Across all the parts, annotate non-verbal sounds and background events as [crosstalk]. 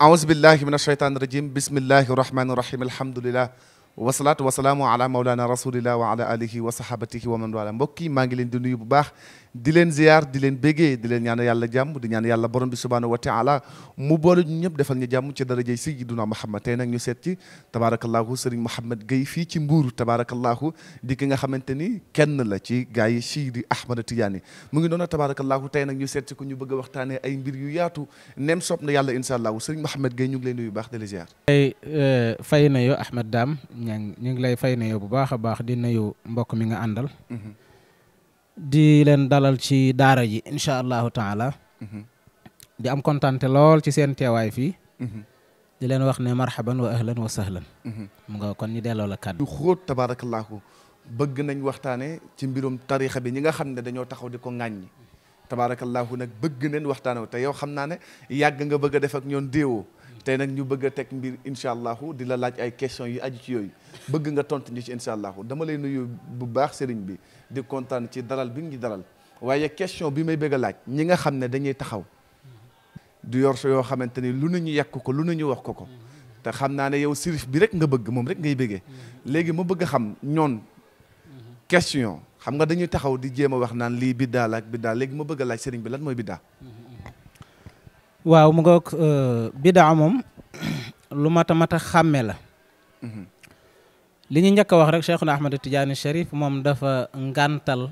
aouzu billahi min ashaytan rajim bismillahi rahmani rahim alhamdulilah wasalaatu wasalaamu ala maulana rasulillah wa ala alihi wa sahabatihi wa man wala mbokk yi maa ngi leen di nuyu bu baax di leen ziyaar di leen béggee di leen ñaan yàlla jàmm di ñaan yàlla borom bi subhanahu wa taala mu boole ñu ñëpp defal ñu jàmm ci darajey sayyiduna Muhammad tey nag ñu seet ci tabaarakallaahu Serigne Mouhamed Gueye fii ci Mbuur tabaarakallaahu di ki nga xamante ni kenn la ci gaa yi Seydi Ahmada Tidiane mu ngi noonu tabaarakallaahu tey nag ñu seet ci ku ñu bëgg a ay mbir yu yaatu nem soob na yàlla incha allahu Serigne Mouhamed Gueye ñu ngi lay nuyu baax di la ziyaar ay euh, fay na yo Ahmad Dame ñu ngi lay fay na yo bu baax a baax di nuyu mbokk mi nga àndal mm-hmm. di leen dalal ci daara ji incha allahu taala mm-hmm. di am kontante lool ci seen teewaay fii mm-hmm. di leen wax ne marhaban wa ahlan wa sahlan mm-hmm. mu nga kon ñu delloo la kàddu xóot tabaarakallaahu bëgg nañ waxtaane ci mbirum tarixa bi ñi nga xam ne dañoo taxaw di ko ŋàññi tabaarakallaahu nag bëgg nañ waxtaane te yow xam naa ne yàgg nga bëgg a def ak ñoon déewoo tey nag ñu bëgg a teg mbir incha allahu di la laaj ay questions yu aju ci yooyu bëgg nga tontu ñu ci incha allahu dama lay nuyu bu baax sëriñ bi di kontaan ci dalal bi ñu dalal waaye question bi may bëgg a laaj ñi nga xam ne dañuy taxaw du yor so yoo xamante ni lu nañu yàq ko lu nañu wax ko ko te xam naa ne yow sirif bi rek nga bëgg moom rek ngay bëggee léegi ma bëgg xam ñoon question xam nga dañuy taxaw di jéem a wax naan lii biddaa la ak biddaa léegi ma bëgg a laaj sëriñ bi lan mooy biddaa waaw mu ngoog euh, bidaa moom lu mat a mat a xàmme la mhm. li ñu njëkk a wax rek Cheikhuna Ahmad Tidiane Cherif moom dafa ngantal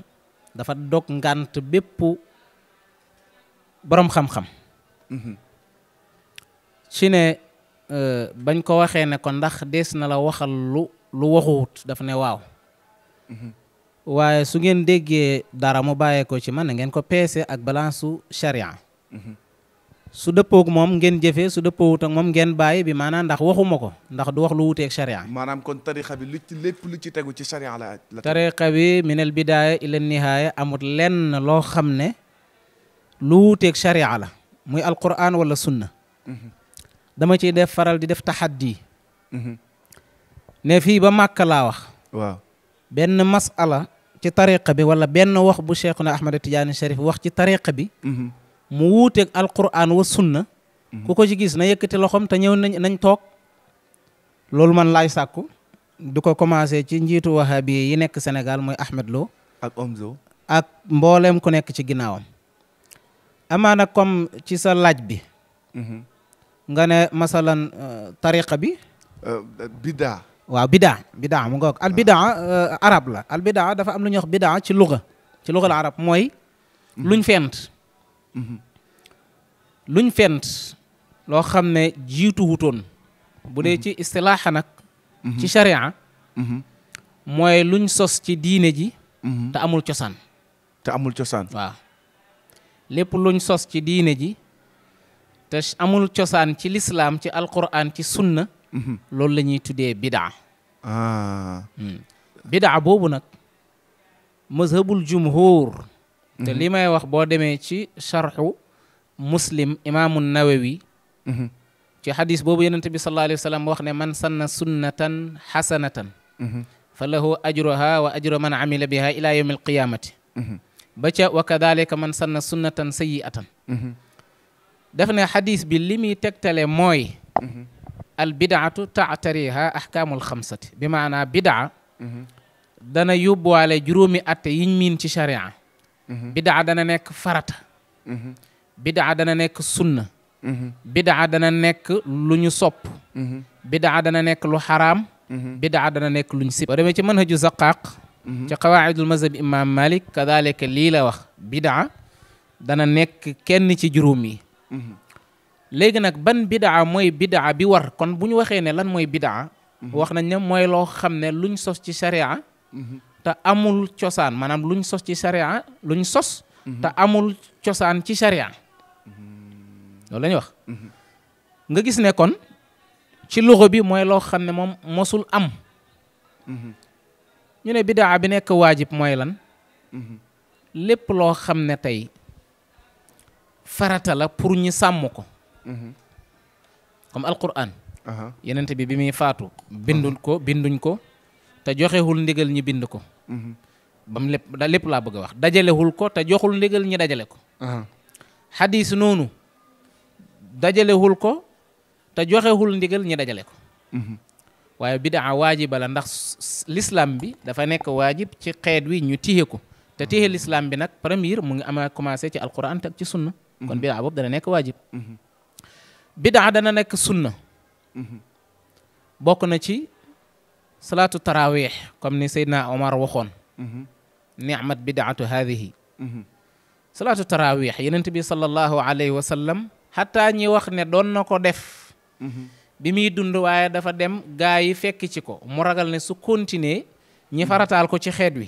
dafa dog ngant bépp boroom xam-xam mhm. ci ne euh, bañ ko waxee ne ko ndax des na la waxal lu lu waxuwut dafa ne waaw mhm. waaye su ngeen déggee dara mu bàyyee ko ci man na ngeen ko peese ak balance su su dëppook moom ngeen jëfee su dëppoowut moom ngeen bàyyi bi maanaam ndax waxuma ko ndax du wax lu wuteeg sharia maanaam kon tarixa bi lu lépp lu ci tegu ci sharia la tarixa bi minal bidaaya ila nihaaya amut lenn loo xam ne lu wuteeg sharia la muy alquran wala sunna mhm. dama ci def faral di def taxaddi mhm. ne fii ba màkk laa wax waaw benn masala ci tariqa bi wala benn wax bu na cheikhuna ahmada tijaani sharif wax ci tariqa bi mhm. mu wuuteeg alquran wa sunna ku ko ci gis na yëkkati loxoom te ñëw nañ nañ toog loolu man laay sàkku du ko commencé ci njiitu wahabi yi nekk senegal mooy Ahmed Lo ak Omzo ak mbooleem ku nekk ci ginnaawam amaana comme ci sa laaj bi mhm. nga ne masalan euh, tariqa bi euh, bidaa waaw bidaa bidaa mu nga al bidaa euh, arab la al bidaa dafa am lu ñuy wax bidaa ci luga ci lugal arab mooy mhm. luñ fent luñ fent loo xam ne jiitu wutoon bu dee ci istilaaxa nag ci sharia mooy luñ sos ci diine ji te amul cosaan te amul cosaan waaw lépp luñ sos ci diine ji te amul cosaan ci lislaam ci alquran ci sunna loolu la ñuy tuddee bidaa ah. hmm. bidaa boobu nag mazhabul jumhur te li may wax boo demee ci charxu muslim imaamu nawawi mhm. ci xadis boobu yonent bi sallallahu alayhi wa sallam wax man sanna sunnatan xasanatan mhm. fa lahu ajruha wa ajru man amila biha ila yawmi alqiyamati mhm. ba wa kadalika man sanna sunnatan sayiatan daf ne bi li muy tegtale mooy al taatariha ahkaamul xamsati bi bidaa dana yóbbuwaale juróomi atte yiñ sharia Mm-hmm. bidaa dana nekk farata mm-hmm. bidaa dana nekk sunna mm-hmm. bidaa dana nekk lu ñu sopp bidaa dana nekk lu xaraam bidaa dana nekk lu ñu sib boo demee ci manhaju zaqaaq ci qawaidul mazhab imam malik kadalika lii la wax bidaa dana nekk kenn ci juróom yi léegi nag ban bidaa mooy bidaa bi war kon bu ñu waxee ne lan mooy bidaa wax nañ ne mooy loo xam ne luñ sos ci sharia te amul cosaan maanaam luñ sos ci sharia luñ sos. te amul cosaan ci sharia loolu la ñuy wax. nga gis ne kon ci luxo bi mooy loo xam ne moom mosul am. ñu ne bidaa bi nekk waajib mooy lan. lépp loo xam ne tey farata la pour ñu sàmm ko. comme Alquran. yenente bi bi muy faatu. bindul ko binduñ ko. te joxewul ndigal ñi bind ko mhm. ba mu lépp da lépp laa bëgg wax dajalewul ko te joxul ndigal ñi dajale ko xadis noonu dajalewul ko te joxewul ndigal ñi dajale ko mhm. waaye bidaa waajiba la ndax l'islam bi dafa nekk waajib ci xeet wi ñu tiye ko te tiye mhm. l'islam bi nag première mu ngi ama commencé ci alquran ak ci sunna kon bidaa nekk waajib bidaa dana nekk sunna bokk na ci salaatu taraawix comme ni Seydina Omar waxoon mhm. nicmat bidaatu haadihi mhm. salaatu taraawix yenent bi sallallahu alayhi wa sallam xataa ñi wax ne doon na ko def mhm. bi muy dund waaye dafa dem gaa yi fekk ci ko mu ragal ne su continuer ñi farataal ko ci xeet wi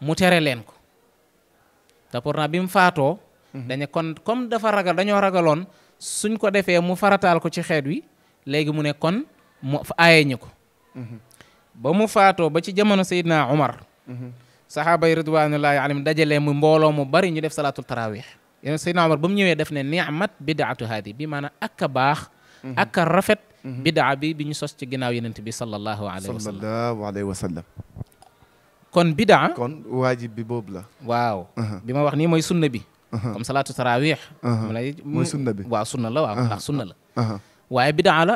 mu tere leen ko te pourtant bi mu faatoo dañu kon comme dafa ragal dañoo ragaloon suñ ko defee mu farataal ko ci xeet wi léegi mu ne kon mu aaye ñu ko ba mu faatoo ba ci jamono Seydina Omar. saxaaba yi ridwaanullaahi alayhim dajalee mu mbooloo mu bari ñu def salaatul taraawih yéen Seydina Omar ba mu ñëwee def ne niamat bidaatu haadi bi maanaam ak a baax. ak a rafet. bidaa bi bi ñu sos ci ginnaaw yenent bi sallallahu alayhi wa sallam sallallahu alayhi wa sallam. kon bidaa. kon waajib bi boobu la. waaw uh-huh. bi ma wax nii mooy sunna bi. Uh-huh. salaatu taraawih. Uh-huh. mooy sunna bi waaw sunna la waaw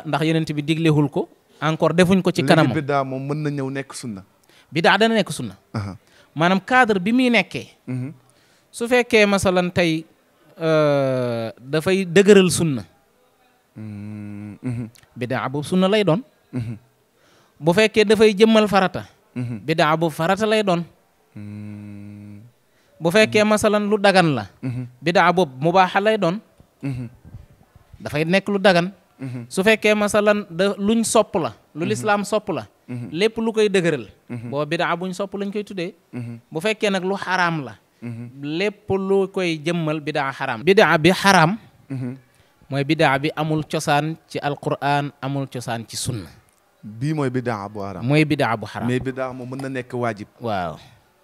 la. encore defuñ ko ci kanamam léegi biddaa moom mën na ñëw nekk sunna. biddaa dana nekk sunna. Uh-huh. maanaam cadre bi muy nekkee. Mm-hmm. su fekkee masalan tey uh, dafay dëgëral sunna. Mm-hmm. Mm-hmm. biddaa boobu sunna lay doon. bu fekkee dafay jëmmal farata. biddaa boobu farata lay doon. bu fekkee masalan lu dagan la. biddaa boobu mubaaxa lay doon. dafay nekk lu dagan. su fekkee masalan da luñ sopp la lu lislaam sopp la lépp lu koy dëgëral boo bidaa bu sopp lañ koy tuddee bu fekkee nag lu xaraam la lépp lu koy jëmmal bidaa xaraam bidaa bi xaraam mooy bidaa bi amul cosaan ci alquran amul cosaan ci sunna bi mooy bidaa bu xaraam mooy bidaa bu xaraam mais bidaa mën na nekk waajib waaw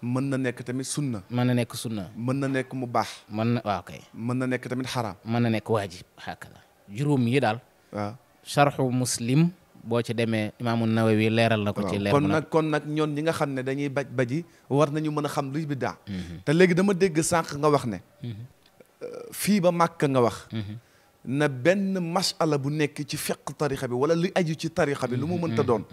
mën na nekk tamit sunna mën na nekk sunna mën na nekk mu baax mën na mën nekk tamit xaraam mën na nekk waajib xaakala yi daal waaw charxu muslim boo ci demee imaamu nawawi leeral na ko ci leer kon nag kon nag ñoon ñi nga xam ne dañuy baj baji war nañu mën a xam luy biddaa mhm. te léegi dama dégg sànq nga wax ne mhm. euh, fii ba màkk nga wax mhm. na benn masala bu nekk ci fiq tarixa bi wala li aju ci tarixa bi lu mu mënta doon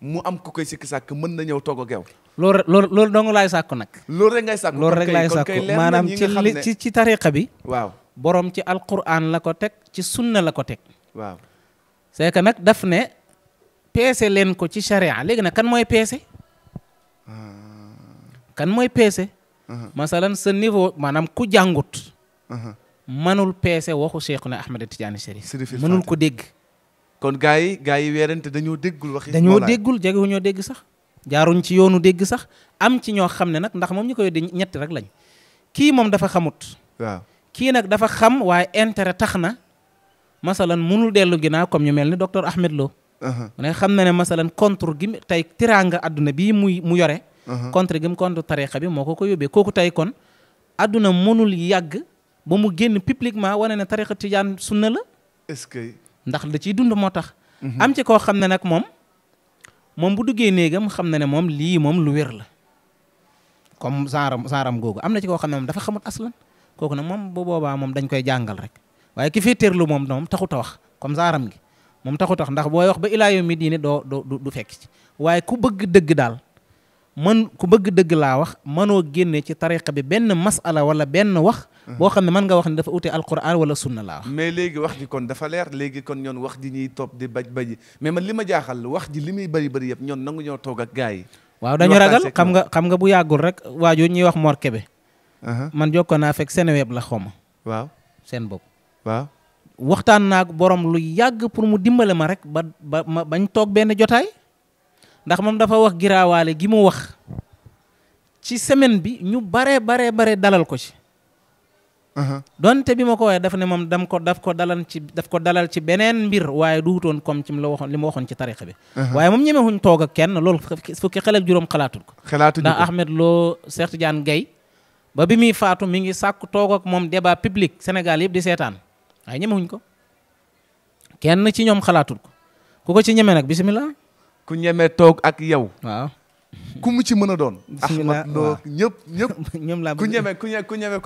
mu am ku koy sikki sàkk mën na ñëw togg ak yow loolu loolu loolu dong laay sàkku nag loolu rek ngay sàkku loolu rek laay sàkku maanaam ci ci ci tarixa bi waaw borom ci alquran la ko teg ci sunna la ko teg waaw c'est que nag daf ne peese leen ko ci charia léegi na kan mooy peese ah. kan mooy peese uh-huh. masalan sa niveau maanaam ku jàngut uh-huh. mënul peese waxu Cheikhuna Ahmed Tidiane Chérif mënul ko dégg kon gaa yi gaa yi weerante dañoo déggul waxi dañoo déggul jegewuñoo ñoo dégg sax jaaruñ ci yoonu dégg sax am ci ñoo xam ne nag ndax moom ñu ko di ñetti rek lañ kii moom dafa xamut waaw kii nag dafa xam waaye intérêt tax na masalan munul dellu ginnaaw comme ñu mel ni docteur Ahmed Lo. Uh-huh. mu ne xam na ne masalan contre gi tey tiraanga àdduna bi muy mu yore. Uh-huh. contre gi mu contre tariqa bi moo ko ko yóbbee kooku tey kon àdduna mënul yàgg ba mu génn publiquement wane ne tariqa tijaan sunna la. est que. ndax da ciy dund moo tax. Uh-huh. am ci koo xam ne nag moom moom bu duggee néegam xam na ne moom lii moom lu wér la comme genre genre am googu am na ci koo xam ne moom dafa xamut aslan kooku nag moom bu boobaa moom dañ koy jàngal rek. waaye ki fee teerlu moom moom taxut a wax comme ça gi moom taxut a ndax booy wax ba ilaa mi diine doo du fekki ci waaye ku bëgg dëgg daal man ku bëgg dëgg laa wax mënoo génne ci tariqa bi benn masala wala benn wax boo xam ne mën nga wax ne dafa utee alquran wala sunna laa wax mais léegi wax ji kon dafa leer léegi kon ñoon wax ji ñuy toog di baj baji mais man li ma jaaxal wax ji li muy bari bëri yëpp ñoon nangu ñoo toog ak gaa yi waaw dañu ragal xam nga xam nga bu yàggul rek waajoo ñuy wax Mor Kébé man jokkoo naa fekk Seneweb la xawma waaw seen bopp waaw waxtaan naa ak borom lu yàgg pour mu dimbale ma rek ba ba ma bañ toog benn jotaay ndax moom dafa wax giraawaale gi mu wax ci semaine bi ñu baree baree bare dalal ko ci. Uh-huh. donte bi ma ko waxee dafa ne moom dam ko daf ko dalal ci daf ko dalal ci beneen mbir waaye du wutoon comme ci la waxoon li ma waxoon ci tarixa bi. Uh-huh. waaye moom ñemewuñ toog ak kenn loolu fukki xale ak juróom xalaatul ko. xalaatuñu ko ndax Ahmed Lo Cheikh Tidiane Gaye ba bi muy faatu mi ngi sàkk toog ak moom debaa public Sénégal yëpp di seetaan. waaye ñemewuñ ko kenn ci ñoom xalaatul ko ku ko ci ñeme nag bisimilah. ku ñeme toog ak yow. waaw. ku mu ci mën doon. bisimilah waaw Axmad Lo ñëpp ñëpp. [laughs] ñoom laa bëgg ku ñeme ku ñeme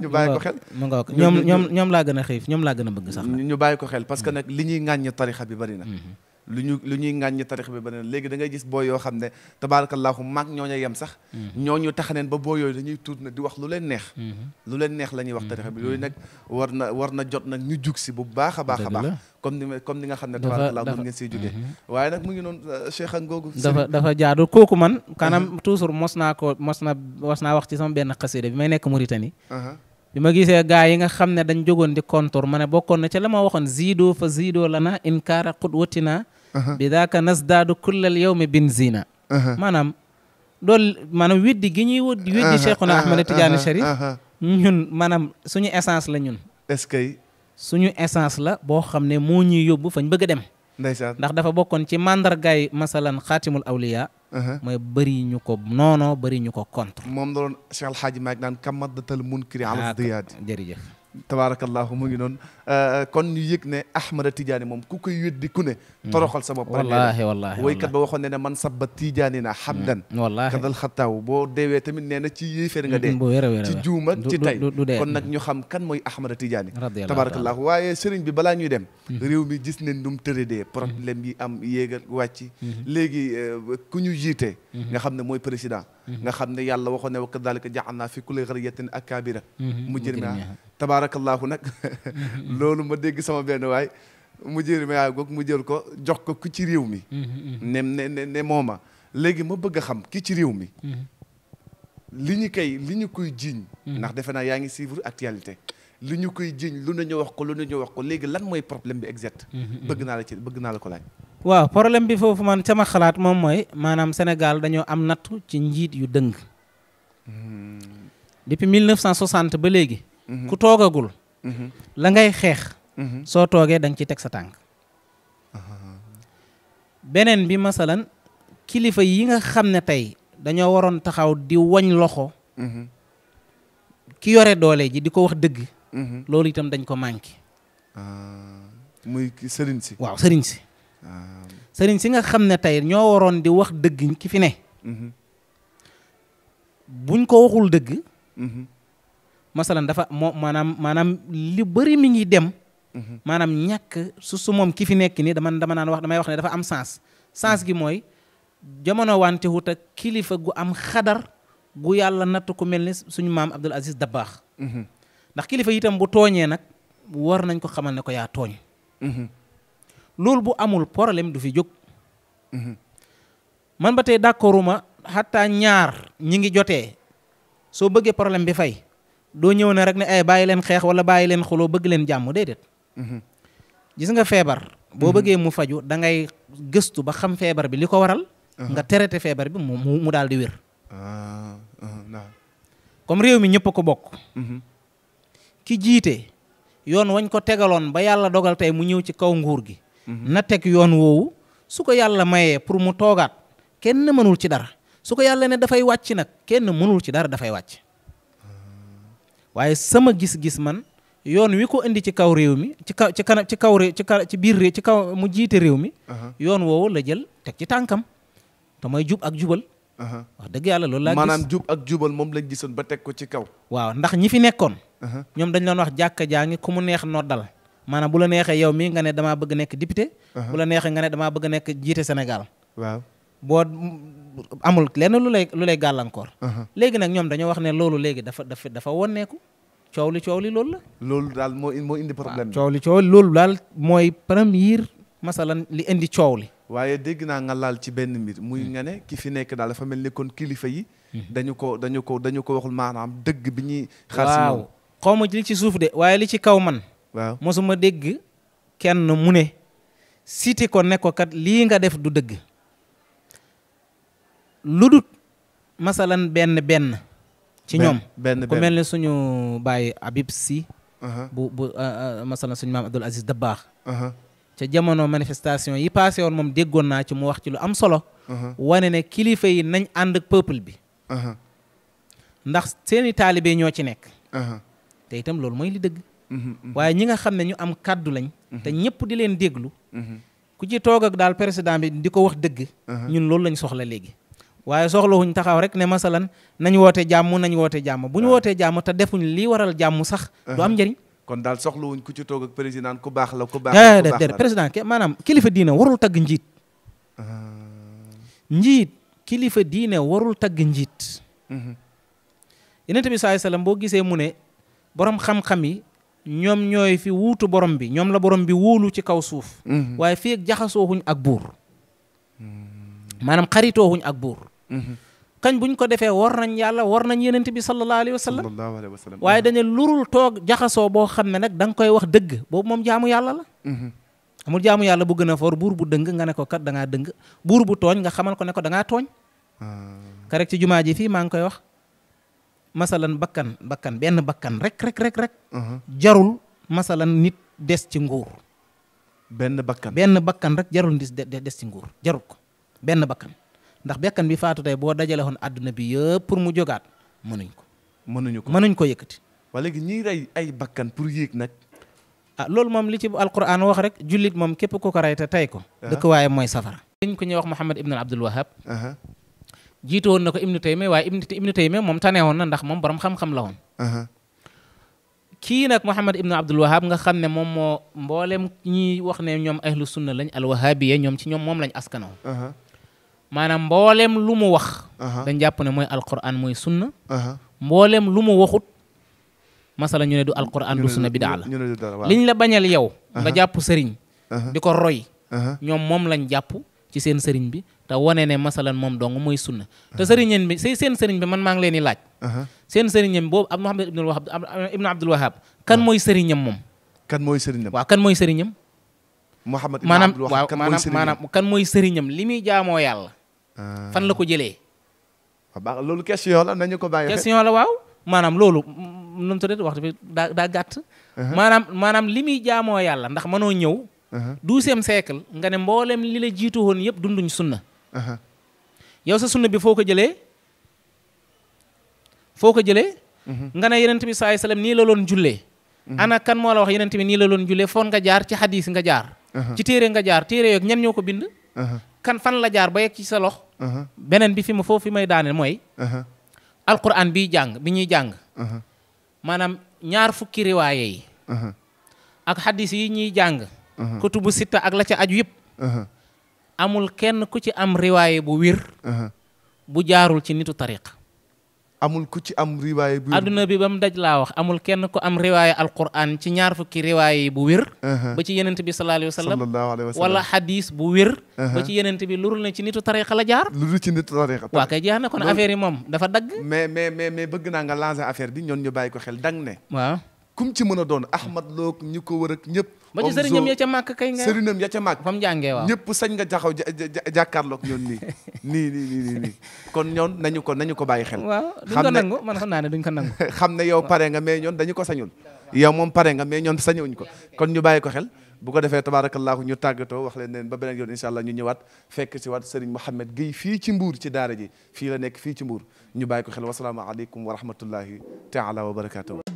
ñu bàyyi ko xel. mu nga ñoom ñoom laa gën a xiif ñoom laa gën a bëgg sax. ñu bàyyi ko xel parce que nag li ñuy ŋàññi tarixa bi bari na. Mm-hmm. lu ñu lu ñuy ŋàññi tarix bi beneen léegi da ngay gis boo yoo xam ne tabaarakallahu mag ñoo ñu yem sax mm-hmm. ñooñu tax neen ba boo yooyu dañuy tuut na di wax lu leen neex mm-hmm. lu leen neex la ñuy wax tarix bi yooyu mm-hmm. nag war na war na jot nag ñu jug si bu baax a baax a baax comme ni comme ni nga xam ne tabaarakallahu mën ngeen siy jógee waaye nag mu ngi noon euh, cheikh ak googu dafa dafa jaadu kooku man kanam toujours mos naa ko mos na mos naa wax ci sama benn xasida bi may nekk Mauritanie uh-huh. bi ma gisee gaa yi nga xam ne dañ jógoon di contour ma ne bokkoon na ca la ma waxoon ziidoo fa ziidoo lana inkaara qudwatina Uh-huh. bi daaka nasdaadu kullal yawmi bin zina uh-huh. maanaam dool maanaam weddi gi ñuy wëd weddi uh-huh. Cheikhuna Ahmada Tidiane ñun maanaam suñu essance la ñun est-ce que suñu essence la boo xam ne moo ñuy yóbbu fañ bëgg dem ndeysaan ndax dafa bokkoon ci mandargaay masalan xaatimul awliya mooy bëri ñu ko noono bari ñu ko contre moom la doon Cheikh Alhaaji Maalik naan kam maddatal munkiri ala diyaad ah, tabaarakallaahu mu ngi noonu euh, euh, kon ñu yëg ne Ahmada Tidiane moom ku koy weddi ku ne. Hmm. toroxal sa bopp. wallaahi wallaahi woykat ba waxoon ne na man sabba Tidiane na hamdan. Hmm, wallaahi kadal xattaaw boo deewee tamit nee na ci yéeféer nga dee. Hmm, ci juum ak ci tay kon nag ñu xam kan mooy Ahmada Tidiane. tabaarakallaahu waaye sëriñ bi balaa ñuy dem. réew mi gis nañ nu mu tëradee. problème yi am yéegal wàcc. léegi euh, ku ñu jiite. nga xam ne mooy président. nga xam ne yàlla waxoon ne wa kadalika jaxalnaa fi kulli xariyatin akabira. mu jërmee tabaarakallaahu nag [laughs] loolu ma dégg sama benn waay mu jël ma yaay goog mu jël ko jox ko ku ci réew mi mm-hmm. ne ne ne mooma léegi ma bëgg a xam ki ci réew mi mm-hmm. li ñu koy li koy jiiñ mm-hmm. ndax defe naa yaa ngi suivre actualité li ñu koy jiiñ lu ñu wax ko lu nañu wax ko léegi lan mooy problème bi exact bëgg naa la ci bëgg naa la ko laaj waaw problème bi foofu man sama xalaat moom mooy maanaam Sénégal dañoo am nattu ci njiit yu dëng hmm. depuis 1960 ba léegi ku toogagul. Mm-hmm. la ngay xeex. Mm-hmm. soo toogee da ci teg sa tànk. Ah. beneen bi masalan kilifa yi nga xam ne tey dañoo waroon taxaw di wañ loxo. Mm-hmm. ki yore doole ji di ko wax dëgg. loolu itam dañ ko manqué. Ah. muy sëriñ si. waaw sëriñ si. Ah. sëriñ si nga xam ne tey ñoo waroon di wax dëgg ki fi ne. buñ ko waxul dëgg. masalan dafa moo maanaam maanaam li bëri mi ngi dem. Mhm. maanaam ñàkk su su moom ki fi nekk nii dama dama naan wax damay wax ne dafa am sens. sens gi mooy jamono wante wut kilifa gu am xadar gu yàlla natt ku mel ni suñu maam Abdul Aziz Dabaax. Mhm. ndax kilifa itam bu tooñee nag war nañ ko xamal ne ko yaa tooñ. Mhm. loolu bu amul problème du fi jóg. man ba tey d'accorduma xataa ñaar ñi ngi jotee soo bëggee problème bi fay doo ñëw ne rek ne ay eh, bàyyi leen xeex wala bàyyi leen xuloo bëgg leen jàmm déedéet. Mm-hmm. gis nga feebar. boo mm-hmm. bëggee mu faju da ngay gëstu ba xam feebar bi li ko waral. Uh-huh. nga traité feebar bi mu mu daal di wér. Ah, uh-huh, comme réew mi ñëpp ko bokk. Mm-hmm. ki jiite yoon wañ ko tegaloon ba yàlla dogal tey mu ñëw ci kaw nguur gi. na teg yoon woowu su ko yàlla mayee pour mu toogaat kenn mënul ci dara su ko yàlla ne dafay wàcc nag kenn mënul ci dara dafay wàcc. waaye sama gis-gis man yoon wi ko indi ci kaw réew mi ci kaw ci ci kaw réew ci ci biir réew ci kaw mu jiite réew mi. Uh-huh. yoon woowu la jël teg ci tànkam te mooy jub ak jubal. Uh-huh. wax dëgg yàlla loolu laa gis maanaam jub ak jubal moom lañ gisoon ba teg ko ci kaw. waaw ndax ñi fi nekkoon. Uh-huh. ñoom dañ doon wax jàkka jaa ngi ku mu neex noddal maanaam bu la neexee yow mii nga ne damaa bëgg nekk député. bu la neexee nga ne damaa bëgg nekk jiite Sénégal. waaw amul lenn lu lay lu lay gàllankoor. Uh-huh. léegi nag ñoom dañoo wax ne loolu léegi dafa dafa dafa wonneeku coow li coow li loolu la. loolu daal moo indi problème bi coow li coow li loolu daal mooy premier masalan li indi coow li. waaye dégg naa nga laal ci benn mbir muy hmm. nga ne ki fi nekk daal dafa mel ni kon kilifa yi. Hmm. dañu ko dañu ko dañu ko waxul maanaam dëgg bi ñuy. xaar si waaw xaw ma li ci suuf de waaye li ci kaw man. waaw mosuma dégg kenn mu ne. cité ko ne lii nga def du dëgg. lu dut masalan benn benn ci ñoom ku mel ne suñu bàyyi Habib Sy uh-huh. bu bu uh, uh, masalan suñu maam Abdoul Aziz Dabakh uh-huh. ca jamono manifestation yi passé woon moom déggoon naa ci mu wax ci lu am solo uh-huh. wane ne kilifa yi nañ ànd ak bi ndax seeni taalibee ñoo ci nekk te itam loolu mooy li dëgg mm-hmm, mm-hmm. waaye ñi nga xam ne ñu am kàddu lañ mm-hmm. te ñëpp di leen déglu ku ci toog ak daal président bi di ko wax dëgg ñun loolu lañ soxla léegi waaye soxlawuñ taxaw rek ne masalan nañ woote jàmm nañ woote jàmm bu ñu wootee jàmm te defuñ li waral jàmm sax du am uh-huh. njëriñ kon daal soxlawuñ ku ci toog ak président ku baax la ku baax la eh, ku baax la président ke maanaam kilifa diine warul tagg njiit uh-huh. njiit kilifa diine warul tagg njiit uh-huh. yonent bi saai sallam boo gisee mu ne borom xam-xam yi ñoom ñooy fi wuutu borom bi ñoom la borom bi wóolu ci kaw suuf waaye fii ak jaxasoohuñ ak buur hmm. maanaam xaritoohuñ ak buur kañ buñ ko defee war nañ yàlla war nañ yenent bi sallallahu alayhi wa sallam waaye dañu lurul toog jaxasoo boo xam ne nag da nga koy wax dëgg boobu moom jaamu yàlla la mhm. amul jaamu yàlla bu na foor buur bu dëng nga ne ko kat da dëng buur bu tooñ nga xamal ko ne ko da ngaa tooñ ah. ka rek ci ji fii maa ngi koy wax masalan bakkan bakkan benn bakkan rek rek rek rek uh-huh. jarul masalan nit des ci nguur benn bakkan benn bakkan rek jarul nit des ci nguur jarul ko benn bakkan ndax bekkan bi faatu tey boo dajale woon àdduna bi yëpp pour mu jógaat mënuñ ko. mënuñu ko mënuñ ko yëkkati. waa léegi ñiy rey ay bakkan pour yéeg nag. a ah, loolu moom li ci alquran wax rek jullit moom képp ku ko rey tey ko. Ah. dëkk waaye mooy safara. liñ ko ñuy wax Muhammad ibn Abdul Wahab. jiite woon na ko Ibnu Taymiya waaye Ibnu Taymiya moom tane woon na ndax moom borom xam-xam la woon. kii nag Muhammad ibnu Abdul Wahab nga xam ne moom moo mboolem ñiy wax ne ñoom ahlu sunna lañ al wahabiya ñoom ci ñoom moom lañ askanoo. maanaam mboolem lu mu wax. dañ jàpp ne mooy alquran mooy sunna. mboolem lu mu waxut masala ñu ne du alquran du sunna bidaa la liñ la bañal yow. nga jàpp sëriñ. di ko roy. ñoom moom lañ jàpp ci seen sëriñ bi te wane ne masalan moom dong mooy sunna te sëriñeen bi seen sëriñ bi man maa ngi leen di laaj. seen sëriñam boobu ab Muhammad ibnu Abdul kan mooy sëriñam moom. kan mooy sëriñam waaw kan mooy sëriñam. Muhammad ibnu Abdul Wahab kan kan mooy sëriñam li muy jaamoo yàlla. Euh, fan la ko jëlee. waaw loolu question la nañu ko bàyyi. question la waaw maanaam loolu nu mu tuddee waxtu bi daa gàtt. Uh-huh. maanaam maanaam li muy jaamoo yàlla ndax manoo ñëw. Uh-huh. douzième siècle nga ne mboolem li la jiitu woon yëpp dunduñ sunna. Uh-huh. yow sa sunna bi foo ko jëlee foo ko jëlee. nga ne yonent bi saa sallam nii la loon jullee. ana kan moo la wax yonent bi nii la loon jullee foon nga jaar ci xadiis nga jaar. ci téere nga jaar téere yooyu ñan ñoo ko bind. kan fan la jaar ba yegg ci sa Uh-huh. beneen bi fi ma foofu may daaneel mooy. Uh-huh. alquran biy jàng bi ñuy jàng. Uh-huh. maanaam ñaar fukki riwaaye yi. ak xaddis yi ñuy jàng. kutubu sitta ak la ci aju yëpp. amul kenn ku ci am riwaaye bu wir. bu jaarul ci nitu tariq. amul ku ci am riwaay bu adduna bi ba mu daj laa wax amul kenn ku am riwaay alquran ci ñaar fukki riwaay bu wér uh-huh. ba ci yenent bi sallallahu alayhi wa sallam wala hadis bu wér uh-huh. ba ci yenent bi lurul na ci nitu tarixa la jaar lurul ci nitu tarixa waa kay jeex kon affaire moom dafa dagg mais mais mais mais bëgg na nga lancer affaire bi ñoon ñu bàyyi ko xel dang ne waaw kum ci mën a doon Ahmad Lo ñi ko wër ak ñëpp. ba ci sëriñam ya ca màkk kay nga sëriñam ya ca màkk. fa mu jàngee waaw ñëpp sañ nga jaxaw ja ja jàkkaarloog ñoom [laughs] nii nii nii nii nii kon ñoon nañu ko nañu ko bàyyi xel. waaw duñ ko nangu man xam naa ko nangu. [laughs] xam ne yow pare nga mais ñoon dañu ko sañul. yow moom pare nga mais ñoon sañuñ ko kon ñu bàyyi ko xel. bu ko defee tabaarakallaahu ñu tàggatoo wax leen neen ba beneen yoon incha allah ñu ñëwaat fekk si waat Serigne Mouhamed Guèye fii ci Mbour ci daara ji fii la nekk fii ci Mbour ñu bàyyi ko xel wasalaamaaleykum wa rahmatullahi taala wa barakaatu